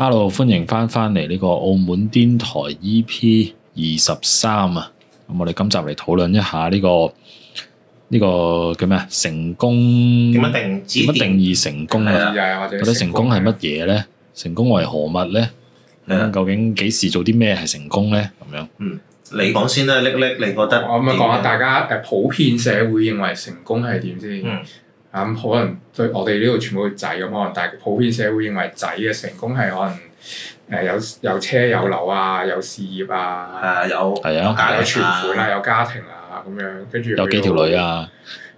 Hello，歡迎翻翻嚟呢個澳門電台 EP 二十三啊，咁我哋今集嚟討論一下呢個呢個叫咩啊？成功點樣定？點樣定義成功然啊？或者成功係乜嘢咧？成功為何物咧？究竟幾時做啲咩係成功咧？咁樣嗯，你講先啦，叻叻，你覺得我咁樣講下，大家誒，普遍社會認為成功係點先？嗯咁、嗯、可能對我哋呢度全部係仔咁可能，但係普遍社會認為仔嘅成功係可能誒有有車有樓啊，有事業啊，係有係啊，有存、啊、款啊、有家庭啊。咁樣，跟住有幾條女啊？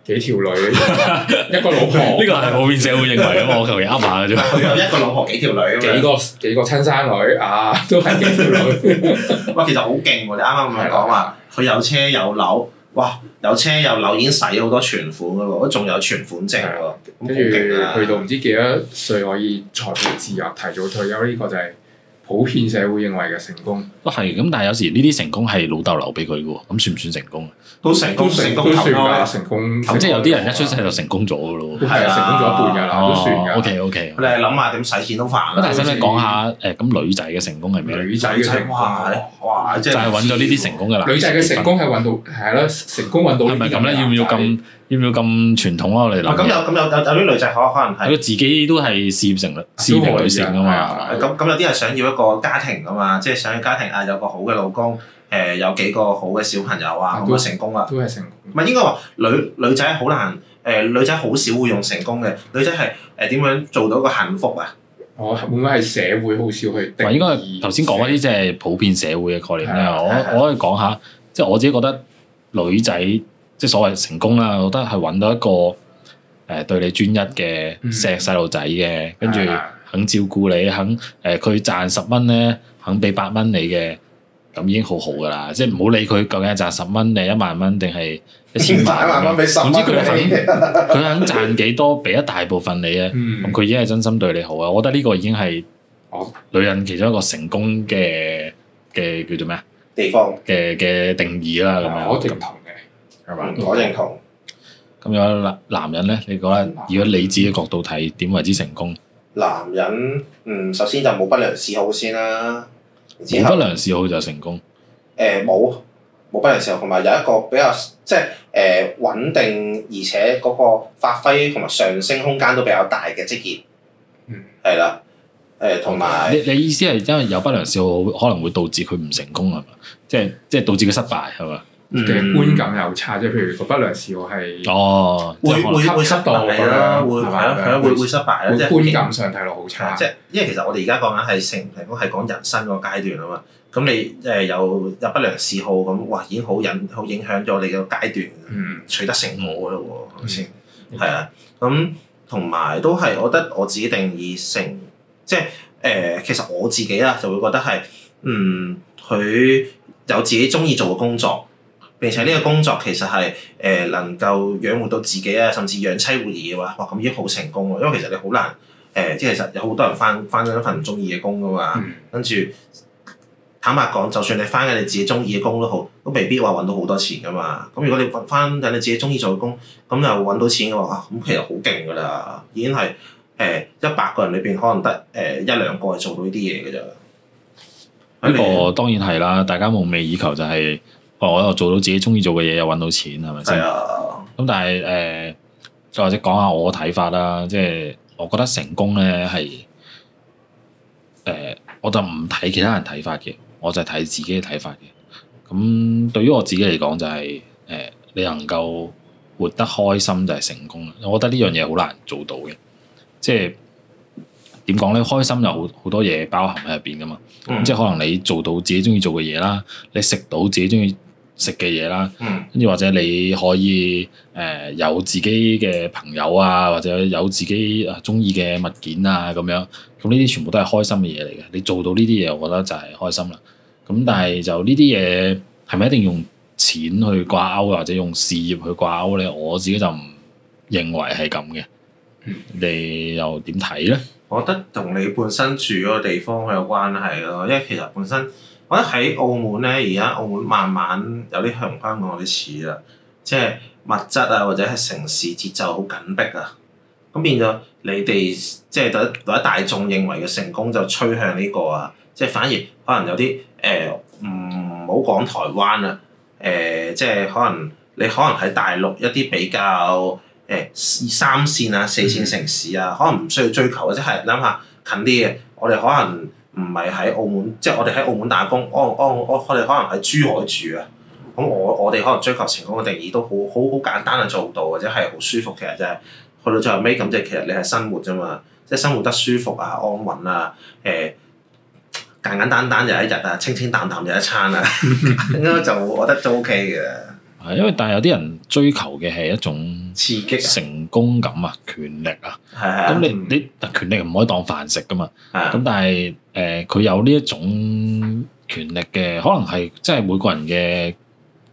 幾條女一個老婆？呢個係普遍社會認為啊嘛， 我求其噏下嘅啫。佢有一個老婆幾條女？幾個幾個親生女啊，都係幾條女。 我其實好勁喎，啱啱咪講話佢有車有樓。哇！有車有樓已經使咗好多存款噶喎，都仲有存款剩喎，跟住的、啊、去到唔知幾多少歲可以財富自由提早退休呢個就係、是。普遍社會認為嘅成，啊，成，成，成功，都係咁。但係有時呢啲成功係老豆留俾佢嘅喎，咁算唔算成功啊？都成功成功算㗎，成功。咁即係有啲人一出世就成功咗㗎咯。係啊，成功咗一半㗎啦，都算㗎。O K O K。你係諗下點使錢都煩。咁但係使唔使講下誒？咁女仔嘅成功係咩？女仔嘅成功，哇！哇！即係揾咗呢啲成功嘅男的的。女仔嘅成功係揾到，係咯，成功揾到，係咪咁咧？要唔要咁？就是要唔要咁傳統啊？我哋女咁有咁有有啲女仔可可能係佢自己都係事業成事業女性啊嘛。咁咁有啲係想要一個家庭噶嘛，即係、嗯、想要家庭啊，有個好嘅老公，誒、呃、有幾個好嘅小朋友啊，咁都成功啦、啊啊。都係成功。唔係應該話女女仔好難誒，女仔好、呃、少會用成功嘅。女仔係誒點樣做到一個幸福啊？哦，會唔會係社會好少去定義？頭先講嗰啲即係普遍社會嘅概念啊！我我可以講下，即係我自己覺得女仔。即係所謂成功啦，我覺得係揾到一個誒對你專一嘅錫細路仔嘅，跟住肯照顧你，肯誒佢賺十蚊咧，肯俾八蚊你嘅，咁已經好好噶啦。即係唔好理佢究竟係賺十蚊定係一萬蚊，定係一千萬，一萬蚊俾十蚊，總之佢肯佢肯賺幾多，俾一大部分你咧。咁佢已經係真心對你好啊！我覺得呢個已經係女人其中一個成功嘅嘅叫做咩啊？地方嘅嘅定義啦，咁樣。我認、嗯、同。咁如果男男人咧，你覺得如果你自己角度睇，點為之成功？男人，嗯，首先就冇不良嗜好先啦。冇不良嗜好就成功。誒冇冇不良嗜好，同埋有一個比較即係誒穩定，而且嗰個發揮同埋上升空間都比較大嘅職業。嗯。係啦。誒同埋。你你意思係因為有不良嗜好，可能會導致佢唔成功係嘛？即係即係導致佢失敗係嘛？嘅觀感又差，即啫，譬如個不良嗜好係哦，會會會失當啦，咁樣，係咯，係會失敗啦，即係觀感上睇落好差。即係因為其實我哋而家講緊係成嚟講係人生個階段啊嘛。咁你誒有有不良嗜好咁，哇！已經好影好影響咗你嘅階段，取得成果嘅喎，係啊。咁同埋都係，我覺得我自己定義成即係誒，其實我自己啦就會覺得係嗯，佢有自己中意做嘅工作。並且呢個工作其實係誒、呃、能夠養活到自己啊，甚至養妻活兒嘅話，哇，咁已經好成功喎！因為其實你好難誒，即、呃、係其實有好多人翻翻緊一份唔中意嘅工噶嘛，跟住、嗯、坦白講，就算你翻緊你自己中意嘅工都好，都未必話揾到好多錢噶嘛。咁如果你翻緊你自己中意做嘅工，咁又揾到錢嘅話，咁、啊、其實好勁噶啦，已經係誒一百個人裏邊可能得誒一兩個係做到呢啲嘢嘅咋。呢個當然係啦，大家夢寐以求就係、是。我又做到自己中意做嘅嘢，又揾到錢，係咪先？咁、哎、呀但係誒，再、呃、或者講下我嘅睇法啦，即、就、係、是、我覺得成功呢，係、呃、誒，我就唔睇其他人睇法嘅，我就係睇自己嘅睇法嘅。咁對於我自己嚟講就係、是、誒、呃，你能夠活得開心就係成功。我覺得呢樣嘢好難做到嘅，即係點講呢？開心有好,好多嘢包含喺入邊噶嘛，嗯、即係可能你做到自己中意做嘅嘢啦，你食到自己中意。食嘅嘢啦，跟住、嗯、或者你可以誒、呃、有自己嘅朋友啊，或者有自己啊中意嘅物件啊咁樣。咁呢啲全部都係開心嘅嘢嚟嘅。你做到呢啲嘢，我覺得就係開心啦。咁但係就呢啲嘢係咪一定用錢去掛鈎或者用事業去掛鈎咧？我自己就唔認為係咁嘅。嗯、你又點睇咧？我覺得同你本身住嗰個地方有關係咯，因為其實本身。我覺得喺澳門呢，而家澳門慢慢有啲向香港有啲似啦，即係物質啊，或者係城市節奏好緊迫啊，咁變咗你哋即係大家大家大眾認為嘅成功就趨向呢個啊，即係反而可能有啲誒唔好講台灣啊，誒、呃、即係可能你可能喺大陸一啲比較誒、呃、三線啊四線城市啊，嗯、可能唔需要追求，或者係諗下近啲嘅，我哋可能。唔係喺澳門，即、就、係、是、我哋喺澳門打工，安、哦、安、哦哦、我哋可能喺珠海住啊。咁我我哋可能追求成功嘅定義都好好好簡單啊，做到，或者係好舒服其實就係、是、去到最後尾咁就其實你係生活啫嘛，即係生活得舒服啊安穩啊，誒、呃、簡簡單單就一日啊，清清淡淡就一餐啊，咁樣就我覺得都 OK 嘅。係，因為但係有啲人追求嘅係一種刺激、成功感啊、權力啊。係係、啊。咁你你，但係權力唔可以當飯食噶嘛。咁、啊、但係誒，佢、呃、有呢一種權力嘅，可能係即係每個人嘅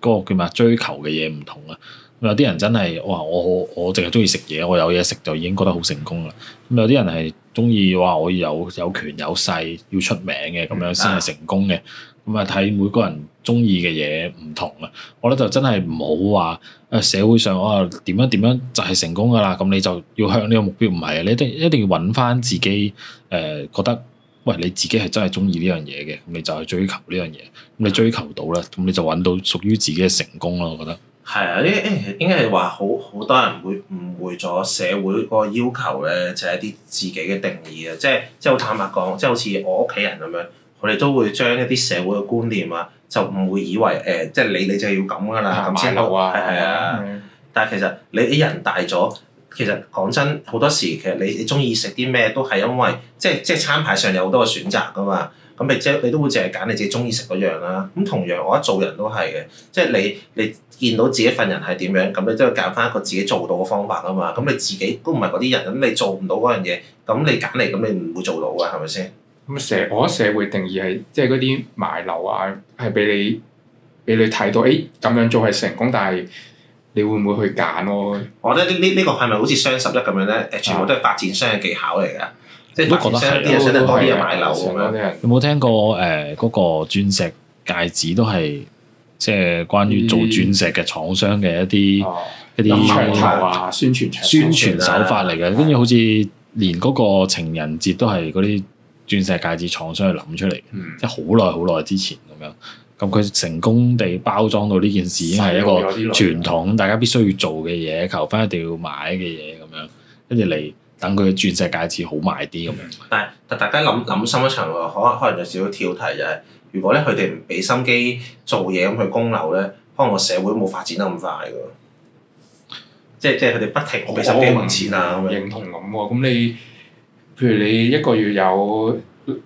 嗰、嗰個叫咩啊，追求嘅嘢唔同啊。有啲人真係，哇！我我我淨係中意食嘢，我有嘢食就已經覺得好成功啦。咁有啲人係中意，哇！我有有權有勢，要出名嘅咁樣先係成功嘅。咁啊，睇每個人中意嘅嘢唔同啦。我覺得就真係唔好話，誒，社會上啊，點樣點樣就係、是、成功噶啦。咁你就要向呢個目標，唔係你都一定要揾翻自己誒、呃，覺得喂你自己係真係中意呢樣嘢嘅，咁你就去追求呢樣嘢。咁你追求到咧，咁你就揾到屬於自己嘅成功咯。我覺得。係啊，呢啲誒應該係話好好多人會誤會咗社會嗰個要求咧，就係、是、一啲自己嘅定義啊！即係即係好坦白講，即係好似我屋企人咁樣，佢哋都會將一啲社會嘅觀念啊，就唔會以為誒、欸，即係你你就要咁㗎啦，咁先係啊！但係其實你啲人大咗，其實講真好多時，其實你你中意食啲咩都係因為，即係即係餐牌上有好多選擇㗎嘛。咁你即係你都會淨係揀你自己中意食嗰樣啦。咁同樣我一做人都係嘅，即係你你見到自己份人係點樣，咁你都要揀翻一個自己做到嘅方法啊嘛。咁你自己都唔係嗰啲人，咁你做唔到嗰樣嘢，咁你揀嚟，咁你唔會做到嘅，係咪先？咁社我覺得社會定義係即係嗰啲買樓啊，係俾你俾你睇到，哎，咁樣做係成功，但係你會唔會去揀咯？我覺得呢呢呢個係咪好似雙十一咁樣咧？全部都係發展商嘅技巧嚟㗎。都覺得係啊！啲人想得開啲，又買樓喎。有冇聽過誒嗰、呃嗰個鑽石戒指都係即係關於做鑽石嘅廠商嘅一啲、嗯、一啲噱頭啊、嗯、宣傳宣傳手法嚟嘅。跟住、嗯、好似連嗰個情人節都係嗰啲鑽石戒指廠商去諗出嚟嘅，即係好耐好耐之前咁樣。咁佢成功地包裝到呢件事，已經係一個傳統，大家必須要做嘅嘢，求婚一定要買嘅嘢咁樣。跟住嚟。等佢鑽石戒指好賣啲咁樣，但係大家諗諗深一層喎，可能可能有少少跳題，就係、是、如果咧佢哋唔俾心機做嘢咁去供樓咧，可能個社會冇發展得咁快㗎。即係即係佢哋不停俾心機揾錢啊！我唔認同咁喎，咁你譬如你一個月有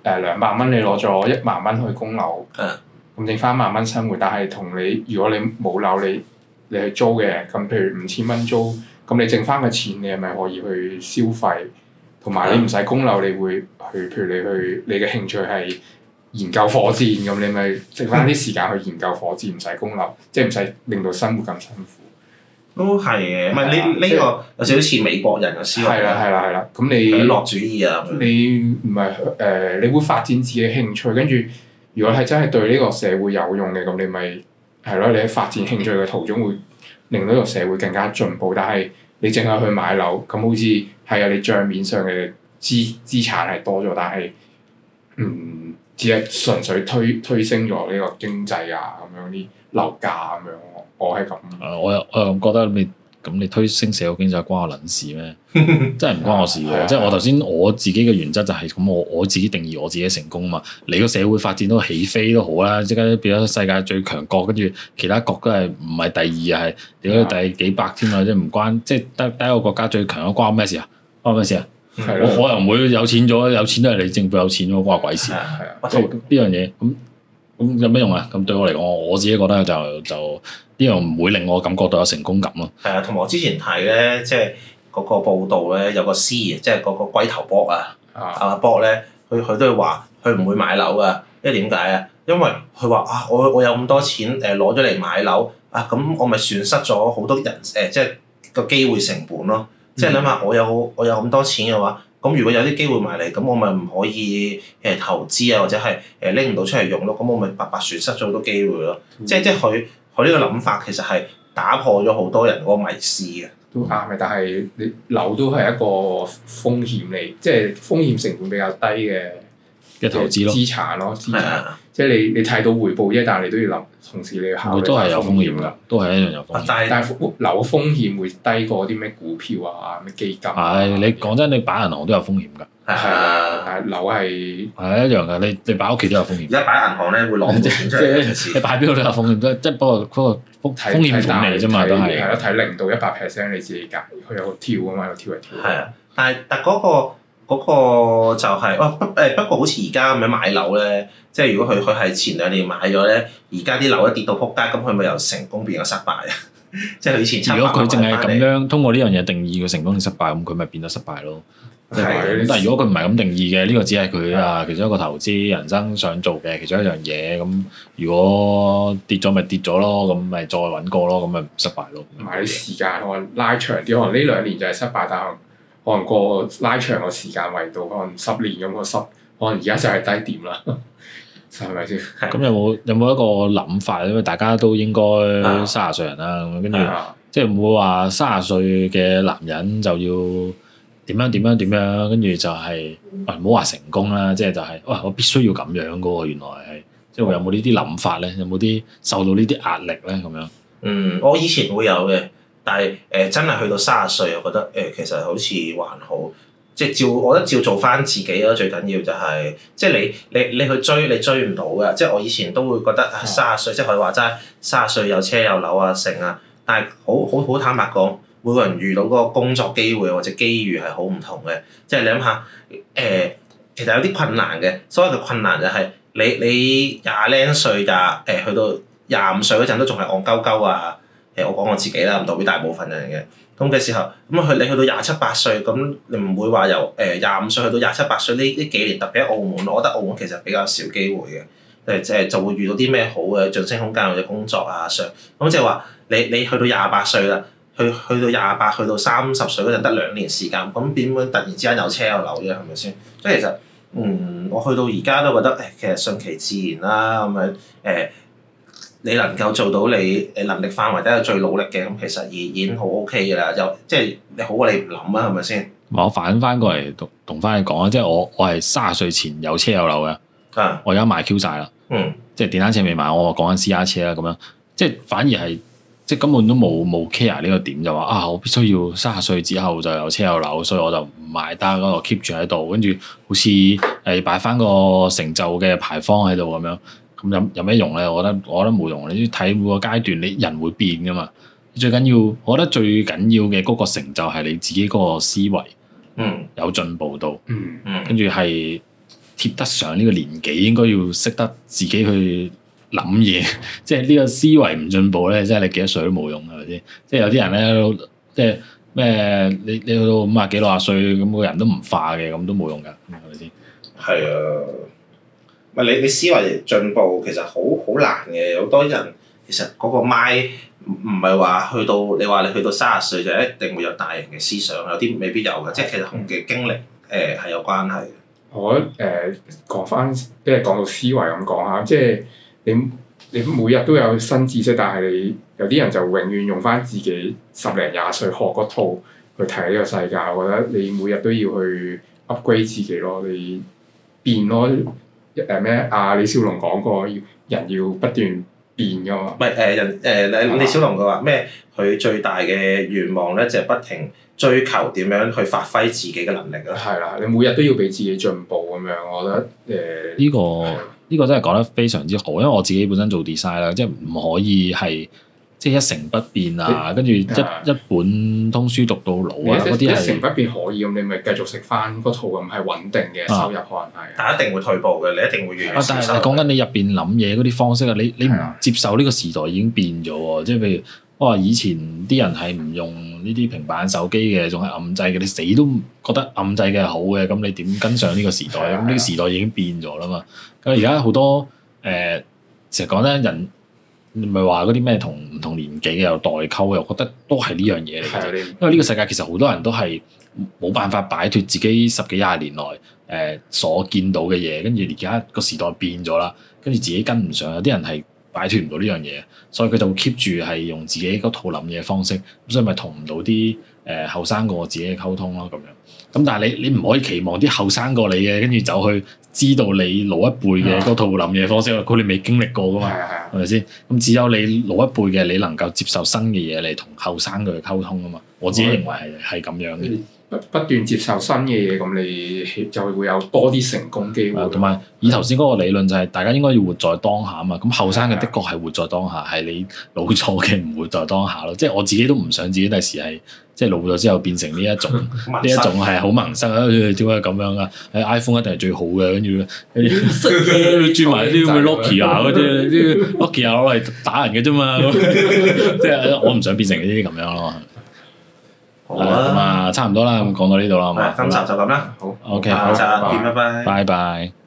誒兩萬蚊，呃、你攞咗一萬蚊去供樓，咁剩翻一萬蚊生活，但係同你如果你冇樓，你你去租嘅，咁譬如五千蚊租。咁你剩翻嘅錢，你係咪可以去消費？同埋你唔使供樓，你會去譬如你去你嘅興趣係研究火箭咁，你咪剩翻啲時間去研究火箭，唔使供樓，即係唔使令到生活咁辛苦。都係嘅，唔係呢呢個有少少似美國人嘅思維啦。係啦係啦係啦，咁你樂主意啊！你唔係誒？你會發展自己興趣，跟住如果係真係對呢個社會有用嘅，咁你咪係咯。你喺發展興趣嘅途中會令到呢個社會更加進步，但係。你淨係去買樓，咁好似係啊，你帳面上嘅資資產係多咗，但係唔、嗯、只係純粹推推升咗呢個經濟啊，咁樣啲樓價咁、啊、樣，我係咁。我又誒，我覺得未。咁你推升社會經濟關， 關我撚事咩？真係唔關我事嘅。即係我頭先我自己嘅原則就係咁，我我自己定義我自己成功啊嘛。你個社會發展都起飛都好啦，即刻變咗世界最強國，跟住其他國都係唔係第二係，屌你第幾百添啊！即係唔關，即係得一個國家最強都關我咩事啊？關我咩事啊？ 我可能唔會有錢咗，有錢都係你政府有錢喎，關我鬼事啊！係啊，呢樣嘢咁？咁有咩用啊？咁對我嚟講，我自己覺得就就呢樣唔會令我感覺到有成功感咯。係啊，同埋我之前睇咧，即係嗰個報道咧，有個 C，即係嗰個龜頭博啊，阿阿博咧，佢佢都話佢唔會買樓啊，因為點解啊？因為佢話啊，我我有咁多錢誒，攞咗嚟買樓啊，咁我咪損失咗好多人誒，即、呃、係、就係個機會成本咯啊。即係諗下我有、嗯、我有咁多錢嘅話，咁如果有啲機會埋嚟，咁我咪唔可以誒投資啊，或者係誒拎唔到出嚟用咯，咁我咪白白損失咗好多機會咯。嗯，即係即係佢佢呢個諗法其實係打破咗好多人嗰個迷思嘅。都啱嘅，但係你樓都係一個風險嚟，即係風險成本比較低嘅嘅投資咯，資產咯，資產，即係你你睇到回報啫，但係你都要諗，同時你要考慮風險。都係有風險㗎，都係一樣有風險。但係樓風險會低過啲咩股票啊、咩基金。係你講真，你擺銀行都有風險㗎。係啊，樓係係一樣㗎。你你擺屋企都有風險。而家擺銀行咧會攞錢，即係你擺邊度都有風險。即係不係不過不過風險範圍啫嘛，都係係咯，睇零到一百 percent 你自己揀，佢有跳啊嘛，有跳嚟跳。係啊，但係但係嗰就係、是、哦不不過好似而家咁樣買樓咧，即係如果佢佢係前兩年買咗咧，而家啲樓一跌到撲街，咁佢咪由成功變咗失敗啊？即係以前。如果佢淨係咁樣通過呢樣嘢定義佢成功定失敗，咁佢咪變得失敗咯？但係如果佢唔係咁定義嘅，呢、這個只係佢啊，其中一個投資人生想做嘅其中一樣嘢。咁如果跌咗咪跌咗咯，咁咪再揾過咯，咁咪失敗咯。唔啲時間，拉長啲，可能呢兩年就係失敗，但可能過拉長個時間維度，可能十年咁個十，可能而家就係低點啦，係咪先？咁有冇有冇一個諗法？因為大家都應該三十歲人啦，咁跟住即係唔會話三十歲嘅男人就要點樣點樣點樣，跟住就係唔好話成功啦，即係就係、是就是、哇我必須要咁樣㗎喎、啊，原來係即係有冇呢啲諗法咧？嗯、有冇啲受到呢啲壓力咧？咁樣嗯，我以前會有嘅。但係誒、呃、真係去到卅歲，我覺得誒、呃、其實好似還好，即係照我覺得照做返自己咯，最緊要就係、是、即係你你你去追你追唔到嘅，即係我以前都會覺得啊，卅歲即係佢話齋，卅歲有車有樓啊成啊，但係好好好坦白講，每個人遇到嗰個工作機會或者機遇係好唔同嘅，即係你諗下誒，其實有啲困難嘅，所謂嘅困難就係、是、你你廿零歲咋誒，去到廿五歲嗰陣都仲係戇鳩鳩啊！誒我講我自己啦，唔代表大部分人嘅。咁嘅時候，咁去你去到廿七八歲，咁你唔會話由誒廿五歲去到廿七八歲呢呢幾年，特別喺澳門，我覺得澳門其實比較少機會嘅。誒即係就會遇到啲咩好嘅晉升空間或者工作啊上，咁即係話你你去到廿八歲啦，去去到廿八去到三十歲嗰陣得兩年時間，咁點會突然之間有車有樓啫？係咪先？即係其實嗯，我去到而家都覺得，哎，其實順其自然啦，啊，咁樣誒。哎你能夠做到你誒能力範圍底下最努力嘅，咁其實已經好 OK 噶啦，嗯，就即、係、係你好過你唔諗啊，係咪先？我反翻過嚟同同翻你講啊，即係我我係卅歲前有車有樓嘅，啊、我而家賣 Q 晒啦，嗯、即係電單車未賣，我講緊私家車啦，咁樣即係反而係即係根本都冇冇 care 呢個點就話啊，我必須要卅歲之後就有車有樓，所以我就唔買單嗰個 keep 住喺度，跟住好似誒擺翻個成就嘅牌坊喺度咁樣。咁有有咩用咧？我覺得我覺得冇用。你睇，每個階段，你人會變噶嘛。最緊要，我覺得最緊要嘅嗰個成就係你自己嗰個思維，嗯，有進步到，嗯嗯，跟住係貼得上呢個年紀，應該要識得自己去諗嘢。即係呢個思維唔進步咧，即係你幾多歲都冇用係咪先？即係有啲人咧，即係咩？你你去到五啊幾六啊歲咁，個人都唔化嘅，咁都冇用噶，係咪先？係啊。唔係，你你思維進步其實好好難嘅，好多人其實嗰個咪唔唔係話去到你話你去到三十歲就一定會有大型嘅思想，有啲未必有嘅，即係其實同嘅經歷誒係、嗯呃、有關係嘅。我誒、呃、講翻即係講到思維咁講下，即係你你每日都有新知識，但係你有啲人就永遠用翻自己十零廿歲學嗰套去睇呢個世界。我覺得你每日都要去 upgrade 自己咯，你變咯。誒咩？阿李小龍講過，人要不斷變噶嘛。唔係誒人誒李李小龍佢話咩？佢最大嘅願望咧就係、是、不停追求點樣去發揮自己嘅能力啦。係啦，你每日都要俾自己進步咁樣，我覺得誒呢、呃這個呢、這個真係講得非常之好，因為我自己本身做 design 啦，即係唔可以係。即係一成不變啊，跟住一一本通書讀到老啊，嗰啲一成不變可以咁，你咪繼續食翻個套咁係穩定嘅收入可能係，但係一定會退步嘅，你一定會越嚟越少。但係講緊你入邊諗嘢嗰啲方式啊，你你唔接受呢個時代已經變咗喎，即係譬如我話以前啲人係唔用呢啲平板手機嘅，仲係按掣嘅，你死都覺得按掣嘅係好嘅，咁你點跟上呢個時代咧？咁呢個時代已經變咗啦嘛。咁而家好多誒，成日講咧人。唔係話嗰啲咩同唔同年紀嘅有代溝，我覺得都係呢樣嘢嚟嘅。因為呢個世界其實好多人都係冇辦法擺脱自己十幾廿年來誒、呃、所見到嘅嘢，跟住而家個時代變咗啦，跟住自己跟唔上，有啲人係。擺脱唔到呢樣嘢，所以佢就會 keep 住係用自己嗰套諗嘢方式，所以咪同唔到啲誒後生過自己嘅溝通咯，咁樣。咁但係你你唔可以期望啲後生過你嘅，跟住走去知道你老一輩嘅嗰套諗嘢方式，佢哋未經歷過㗎嘛，係咪先？咁只有你老一輩嘅，你能夠接受新嘅嘢嚟同後生佢溝通啊嘛，我自己認為係係咁樣嘅。Yeah. 不斷接受新嘅嘢，咁你就會有多啲成功機會。同埋以頭先嗰個理論就係，大家應該要活在當下啊嘛。咁後生嘅的確係活在當下，係的你老咗嘅唔活在當下咯。即係我自己都唔想自己第時係即係老咗之後變成呢 生一種呢一種係好文生。哎、啊，點解咁樣啊？iPhone 一定係最好嘅，跟住、哎哎、轉埋啲咁嘅 Nokia 啊嗰啲 Nokia 啊攞嚟打人嘅啫嘛。即係 我唔想變成呢啲咁樣咯。好，咁差唔多啦，咁講到呢度啦，好，係，今集就咁啦。好。OK，下集見，拜拜。拜拜。拜拜。